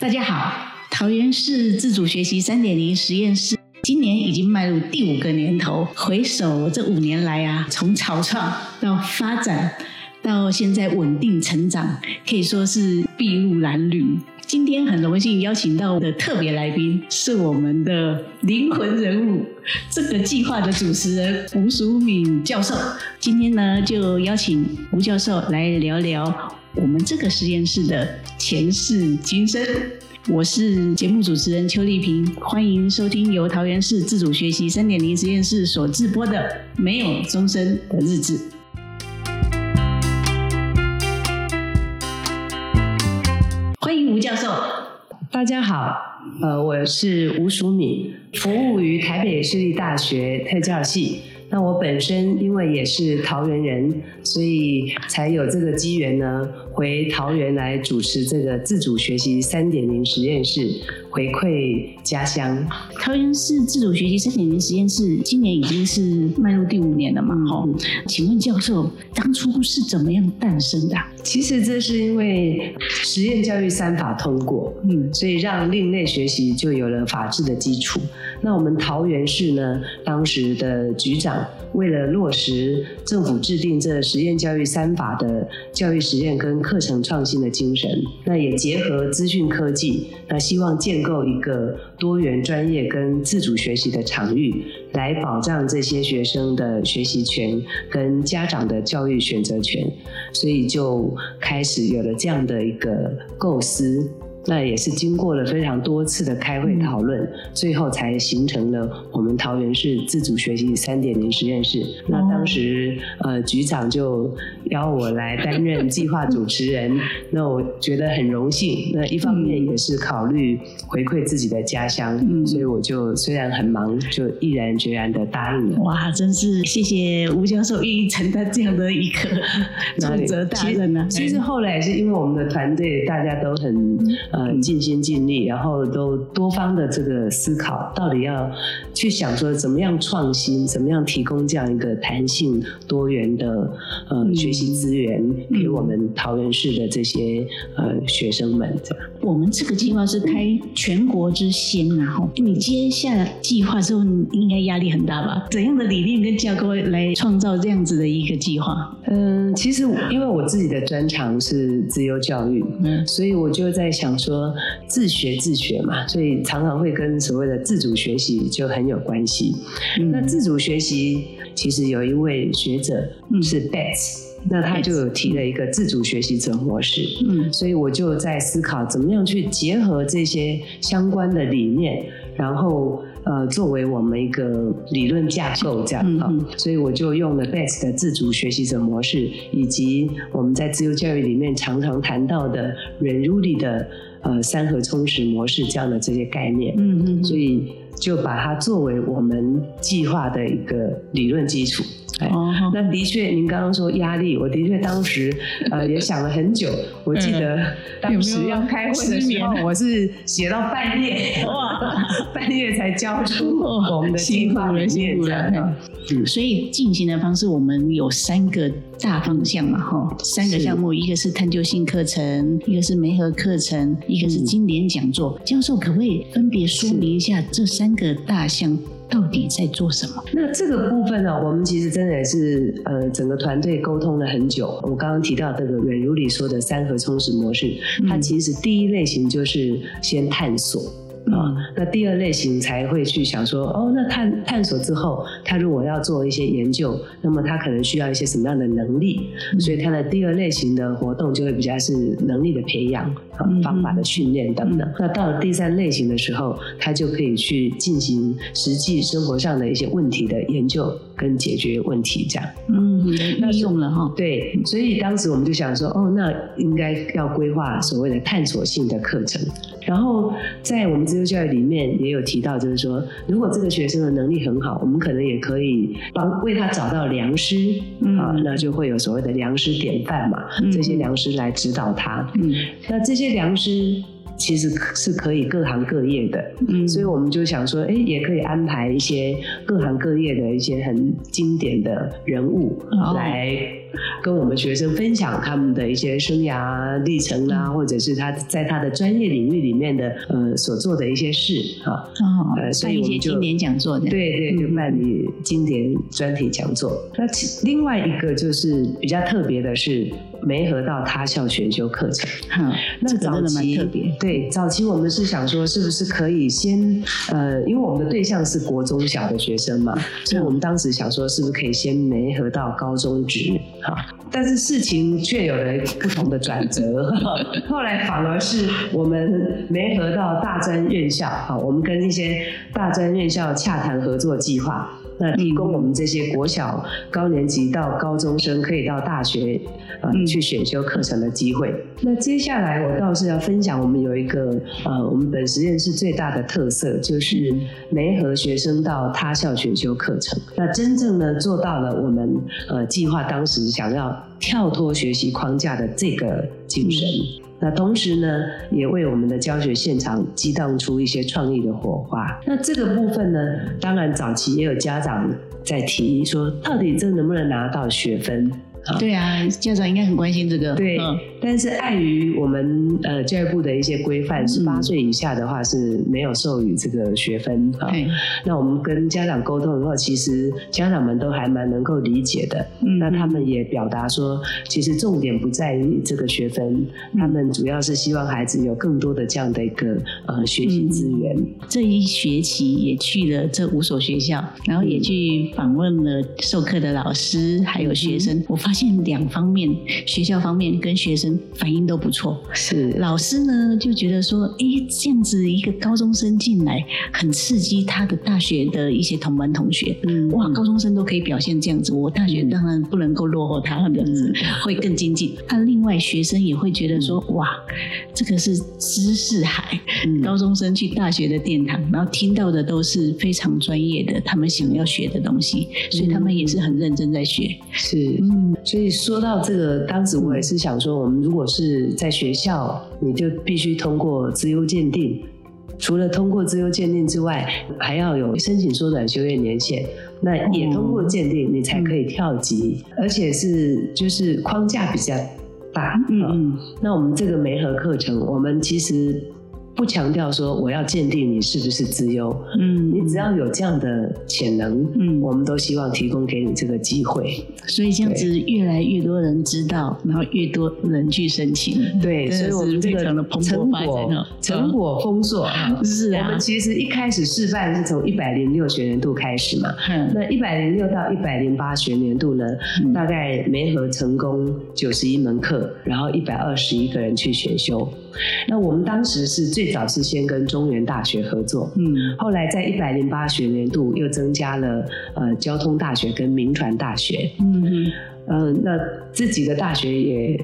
大家好，桃園市自主學習三點零實驗室今年已經邁入第五個年頭。回首這五年來啊，從草創到發展，到現在穩定成長，可以說是篳路藍縷。今天很榮幸邀請到我的特別來賓，是我們的靈魂人物，這個計劃的主持人吳淑敏教授。今天呢，就邀請吳教授來聊聊。我們這個實驗室的前世今生，我是節目主持人邱儷萍，歡迎收聽由桃園市自主學習三點零實驗室所製播的《沒有鐘聲的日子》。歡迎吳教授。大家好，呃，我是吳淑敏，服務於台北市立大學特教系。那我本身因為也是桃園人，所以才有這個機緣呢，回桃園來主持這個自主學習三點零實驗室。回饋家鄉，桃園市自主學習3.0實驗室今年已經是邁入第五年了嘛？吼、嗯，請問教授當初是怎麼樣誕生的？其實這是因為實驗教育三法通過，嗯，所以讓另類學習就有了法制的基礎。那我們桃園市呢，當時的局長為了落實政府制定這實驗教育三法的教育實驗跟課程創新的精神，那也結合資訊科技，那、呃、希望健康。夠一個多元專業跟自主學習的場域，來保障這些學生的學習權跟家長的教育選擇權，所以就開始有了這樣的一個構思。那也是經過了非常多次的開會討論，最後才形成了我們桃園市自主學習三點零實驗室。那當時呃局長就。邀我來擔任計劃主持人， 那我覺得很榮幸。那一方面也是考慮回饋自己的家鄉，嗯，所以我就雖然很忙，就毅然決然的答應了。哇，真是謝謝吳教授願意承擔這樣的一個，重責大任呢、啊。其實後來也是因為我們的團隊大家都很、嗯、呃盡心盡力，然後都多方的這個思考，到底要去想說怎麼樣創新，怎麼樣提供這樣一個彈性多元的呃學習。嗯新資源給我們桃園市的這些、嗯、呃學生們這樣。我們這個計劃是開全國之先啊！哈、嗯，你接下計劃的時候應該壓力很大吧？怎樣的理念跟架構來創造這樣子的一個計劃？嗯，其實因為我自己的專長是自由教育，嗯，所以我就在想說自學自學嘛，所以常常會跟所謂的自主學習就很有關係、嗯。那自主學習其實有一位學者是 Betts、嗯那他就提了一個自主學習者模式，嗯，所以我就在思考怎麼樣去結合這些相關的理念，然後呃，作為我們一個理論架構，這樣嗯，嗯，嗯，所以我就用了 Best 的自主學習者模式，以及我們在自由教育裡面常常談到的 Renzulli 的呃三合充實模式這樣的這些概念，嗯嗯，嗯，所以就把它作為我們計劃的一個理論基礎。哦，那的確，您剛剛說壓力，我的確當時呃也想了很久。我記得、嗯、當時要開會的時候的，我是寫到半夜，哇，半夜才交出我們的計劃。所以進行的方式，我們有三個大方向嘛，三個項目，一個是探究性課程，一個是媒合課程，一個是經典講座。教授可不可以分別說明一下這三個大項目？到底在做什麼？那這個部分呢、啊？我們其實真的也是，呃，整個團隊溝通了很久。我剛剛提到這個軟如你說的三合充實模式、嗯，它其實第一類型就是先探索。啊、哦，那第二類型才會去想說，哦，那探探索之後，他如果要做一些研究，那麼他可能需要一些什麼樣的能力？嗯、所以他的第二類型的活動就會比較是能力的培養、嗯啊、方法的訓練等等、嗯嗯。那到了第三類型的時候，他就可以去進行實際生活上的一些問題的研究跟解決問題這樣。嗯，那用了哈、哦。對，所以當時我們就想說，哦，那應該要規劃所謂的探索性的課程。然後在我們資優教育裡面也有提到，就是說，如果這個學生的能力很好，我們可能也可以幫為他找到良師、嗯、啊，那就會有所謂的良師典範嘛，這些良師來指導他。嗯嗯、那這些良師其實是可以各行各業的，嗯、所以我們就想說，哎、欸，也可以安排一些各行各業的一些很經典的人物、嗯、來。跟我們學生分享他們的一些生涯歷程啊，嗯、或者是他在他的專業領域裡面的呃所做的一些事啊，哦呃、所以我們就經典講座的，對對，辦、嗯、一、嗯、經典專題講座。那另外一個就是比較特別的是，媒合到他校選修課程、嗯嗯。那早期真的蠻特別。對，早期我們是想說，是不是可以先呃，因為我們的對象是國中小的學生嘛，嗯、所以我們當時想說，是不是可以先媒合到高中職。好，但是事情卻有了一個不同的轉折。後來反而是我們媒合到大專院校，好，我們跟一些大專院校洽談合作計劃。那提供我們這些國小高年級到高中生，可以到大學啊、呃、去選修課程的機會、嗯。那接下來我倒是要分享，我們有一個呃，我們本實驗室最大的特色就是媒合學生到他校選修課程、嗯。那真正呢做到了我們呃計劃當時想要跳脫學習框架的這個。精神。嗯，那同時呢，也為我們的教學現場激盪出一些創意的火花。那這個部分呢，當然早期也有家長在提議說，到底這能不能拿到學分？對啊，家長應該很關心這個。對，哦、但是礙於我們呃教育部的一些規範，是、嗯、十八歲以下的話是沒有授予這個學分啊。對、嗯哦。那我們跟家長溝通的話，其實家長們都還蠻能夠理解的。嗯。那他們也表達說，其實重點不在於這個學分，他們主要是希望孩子有更多的這樣的一個呃學習資源、嗯。這一學期也去了這五所學校，然後也去訪問了授課的老師還有學生，嗯、我發現。這兩方面，學校方面跟學生反應都不錯。是老師呢就覺得說，哎、欸，這樣子一個高中生進來，很刺激他的大學的一些同班同學。嗯，哇，嗯、高中生都可以表現這樣子，我大學當然不能夠落後他，這樣子會更精進。他、啊、另外學生也會覺得說，嗯、哇，這個是知識海、嗯，高中生去大學的殿堂，然後聽到的都是非常專業的，他們想要學的東西，所以他們也是很認真在學。是，嗯。所以說到這個，當時我也是想說，我們如果是在學校，嗯、你就必須通過資優鑑定。除了通過資優鑑定之外，還要有申請縮短修業年限，那也通過鑑定，你才可以跳級，嗯、而且是就是框架比較大。嗯、哦、嗯，那我們這個媒合課程，我們其實。不強調說我要鑑定你是不是資優，嗯，你只要有這樣的潛能，嗯，我們都希望提供給你這個機會。所以這樣子，越來越多人知道，然後越多人去申請，嗯、對，對，所以我們這個成果成果豐碩，嗯啊，是啊。我們其實一開始示範是從一百零六學年度開始嘛，嗯、那一百零六到一百零八學年度呢，嗯、大概媒合成功九十一門課，然後一百二十一個人去選修。那我們當時是最早是先跟中原大學合作，嗯，後來在一百零八學年度又增加了、呃、交通大學跟銘傳大學，嗯、呃、那自己的大學也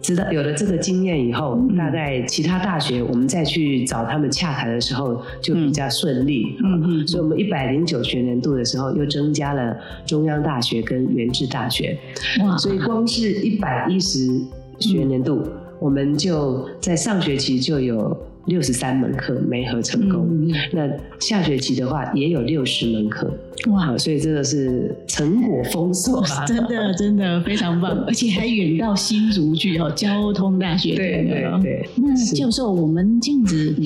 知道有了這個經驗以後，大、嗯、概其他大學我們再去找他們洽談的時候就比較順利，嗯、啊、所以我們一百零九學年度的時候又增加了中央大學跟元智大學，所以光是一百一十學年度，嗯我們就在上學期就有。六十三門課媒合成功，嗯嗯嗯，那下學期的話也有六十門課哇、呃，所以真的是成果豐碩，真的真的非常棒， 而且還遠到新竹去哦，交通大學 對對對。那是教授，我們這樣子、嗯、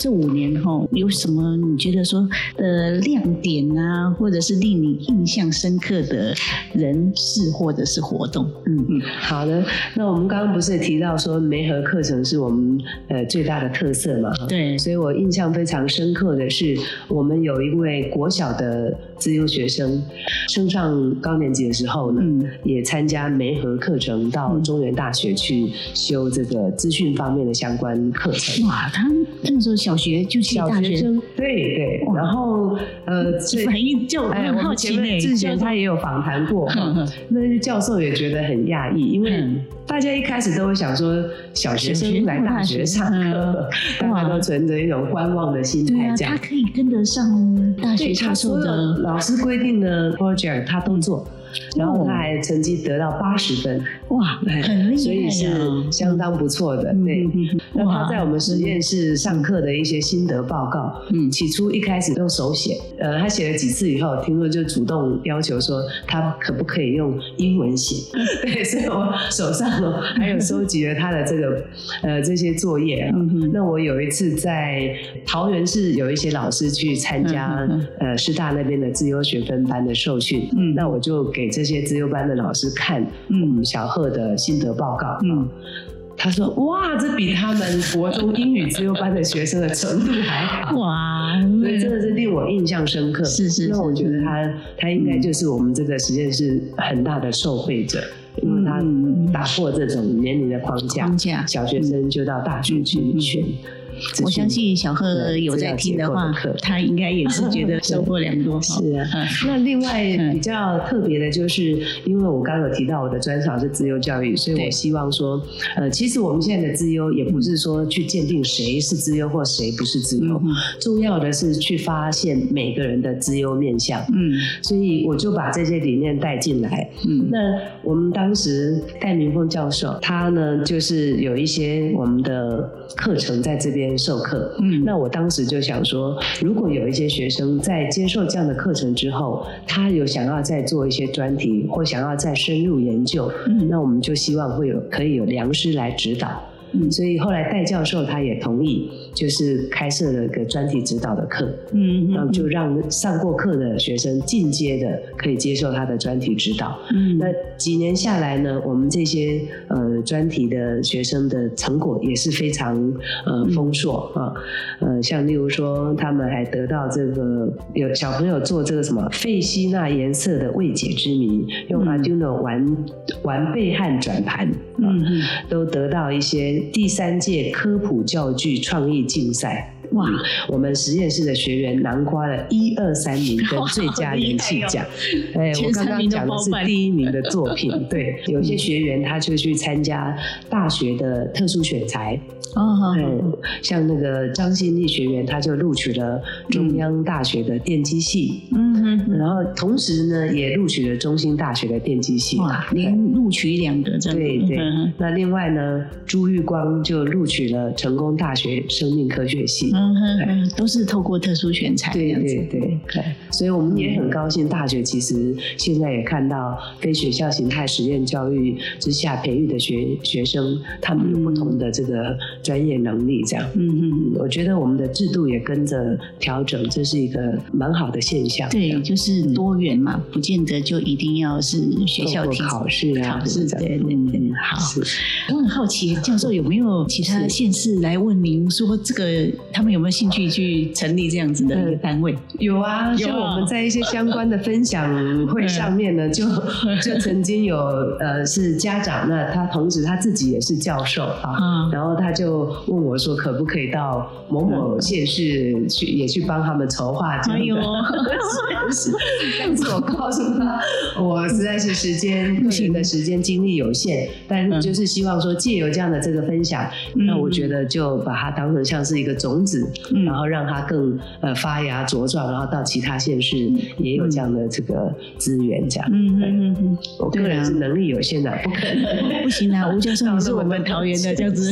這五年哈，有什麼你覺得說的亮點啊，或者是令你印象深刻的人事或者是活動？嗯嗯，好的，那我們剛剛不是也提到說媒合課程是我們呃最大的特色。色嘛，對，所以我印象非常深刻的是，我們有一位國小的資優學生升上高年級的時候呢，嗯、也參加媒合課程，到中原大學去修這個資訊方面的相關課程。哇，他那個時候小學就去大學，對對。然後呃，反應就很好奇。哎、前面之前他也有訪談過嘛、嗯嗯嗯，那些教授也覺得很訝異，因為大家一開始都會想說小學生來大學上課，學學大家、嗯、都存着一種觀望的心態。這樣、啊。他可以跟得上大學教授的。老師規定的 project，他動作。然後他還成績得到八十分，哇，很厲害，所以是相當不錯的。嗯、對，那、嗯、他在我們實驗室上課的一些心得報告，嗯，起初一開始都手寫、嗯，呃，他寫了幾次以後，聽說就主動要求說他可不可以用英文寫，嗯、對，所以我手上我還有收集了他的這個、嗯、呃這些作業、啊嗯嗯。那我有一次在桃園市有一些老師去參加、嗯嗯、呃師大那邊的自由學分班的受訓，嗯，那我就給。給這些資優班的老師看，嗯，小賀的心得報告，嗯，他說，哇，這比他們國中英語資優班的學生的程度還好， 哇，這真的是令我印象深刻，是是，是，那我覺得他他應該就是我們這個實驗室很大的受惠者，因、嗯、為、嗯、他打破這種年齡的框架，框架小學生就到大學去選。嗯嗯我相信小賀有在聽的話的，他應該也是覺得收穫良多。 是啊，那另外比較特別的就是，因為我剛剛有提到我的專長是資優教育，所以我希望說，呃，其實我們現在的資優也不是說去鑑定誰是資優或誰不是資優，嗯、重要的是去發現每個人的資優面向。嗯，所以我就把這些理念帶進來。嗯，那我們當時戴明峰教授，他呢就是有一些我們的課程在這邊。授課，嗯，那我當時就想說，如果有一些學生在接受這樣的課程之後，他有想要再做一些專題，或想要再深入研究，嗯，那我們就希望會有可以有良師來指導。嗯、所以後來戴教授他也同意，就是開設了一個專題指導的課，嗯，然、嗯、後就讓上過課的學生進階的可以接受他的專題指導，嗯，那幾年下來呢，嗯、我們這些呃專題的學生的成果也是非常呃豐、嗯、碩啊，呃，像例如說他們還得到這個有小朋友做這個什麼費希納顏色的未解之謎，用 Arduino 玩、嗯、玩貝漢轉盤、啊嗯，嗯，都得到一些。第三屆科普教具創意競賽，哇！嗯、我們實驗室的學員囊括了一二三名跟最佳人氣獎、哦。哎，我剛剛講的是第一名的作品。 對，有些學員他就去參加大學的特殊選才，啊、哦嗯哦嗯、像那個張新力學員，他就錄取了中央大學的電機系，嗯。然後同時呢，也錄取了中興大學的電機系。哇，您錄取兩個，真的。對對。 那另外呢，朱玉光就錄取了成功大學生命科學系。嗯 哼對， 都是透過特殊選才。對對對。對 所以我們也很高興，大學其實現在也看到非學校形態實驗教育之下培育的學學生，他們有不同的這個專業能力，這樣。嗯嗯。我覺得我們的制度也跟着調整，這是一個蠻好的現象。 對。就是多元嘛，不見得就一定要是學校體做考試啊，考試對，對，對，對，那那好。我很好奇，教授有沒有其他的縣市來問您說，這個他們有沒有興趣去成立這樣子的一個單位、呃？有啊，像、啊、我們在一些相關的分享會上面呢， 就就曾經有呃，是家長呢，那他同時他自己也是教授啊、嗯，然後他就問我說，可不可以到某某縣市去，嗯、也去幫他們籌劃這樣的。 但是，我告訴他，我實在是時間不行， 的時間精力有限。但是就是希望說，借由這樣的這個分享、嗯，那我覺得就把它當成像是一個種子，嗯、然後讓它更呃發芽茁壯，然後到其他縣市也有這樣的這個資源，這樣。嗯嗯嗯嗯，我個人能力有限的，啊、不可能，不行啊！吳教授，你是我們桃園的，這樣子，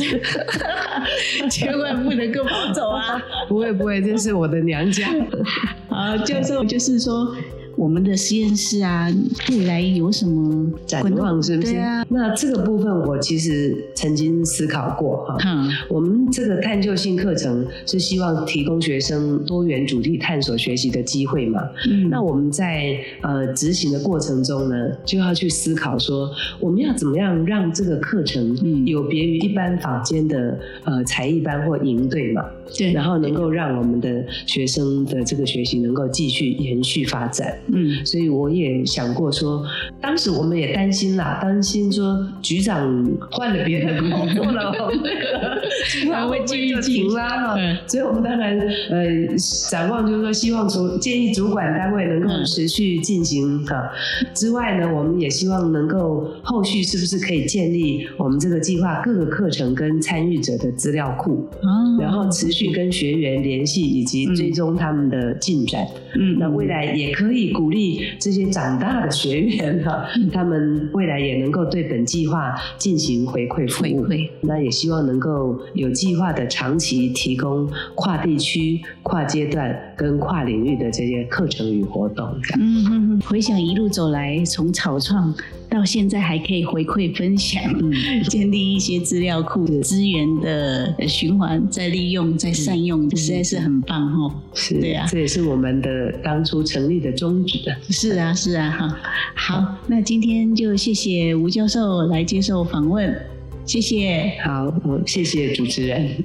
千萬不能夠跟我走啊！ 不會不會，這是我的娘家。 啊，就是，okay. 我就是說。我們的實驗室啊，未來有什麼展望？是不是？對啊。那這個部分我其實曾經思考過哈。啊，嗯。我們這個探究性課程是希望提供學生多元主題探索學習的機會嘛？嗯。那我們在呃執行的過程中呢，就要去思考說，我們要怎麼樣讓這個課程有別於一般坊間的呃才藝班或營隊嘛？對。然後能夠讓我們的學生的這個學習能夠繼續延續發展。嗯，所以我也想過說，當時我們也擔心啦，擔心說局長換了別的工作了，哦，那個會繼續停啦。哈。所以，我們當然呃，展望就是說，希望主建議主管單位能夠持續進行哈，嗯啊。之外呢，我們也希望能夠後續是不是可以建立我們這個計劃各個課程跟參與者的資料庫，啊，然後持續跟學員聯繫，嗯，以及追蹤他們的進展。嗯，嗯，那未來也可以鼓勵這些長大的學員哈、啊嗯，他們未來也能夠對本計劃進行回饋服務。回饋。那也希望能夠有計劃的長期提供跨地區、跨階段跟跨領域的這些課程與活動感，嗯嗯。嗯，回想一路走來，從草創。到現在還可以回饋分享、嗯，建立一些資料庫、資源的循環，再利用、再善用、嗯，實在是很棒哦。是，哦，對啊，這也是我們的當初成立的宗旨。是啊，是啊，哈。好，那今天就謝謝吳教授來接受訪問，謝謝。好，我謝謝主持人。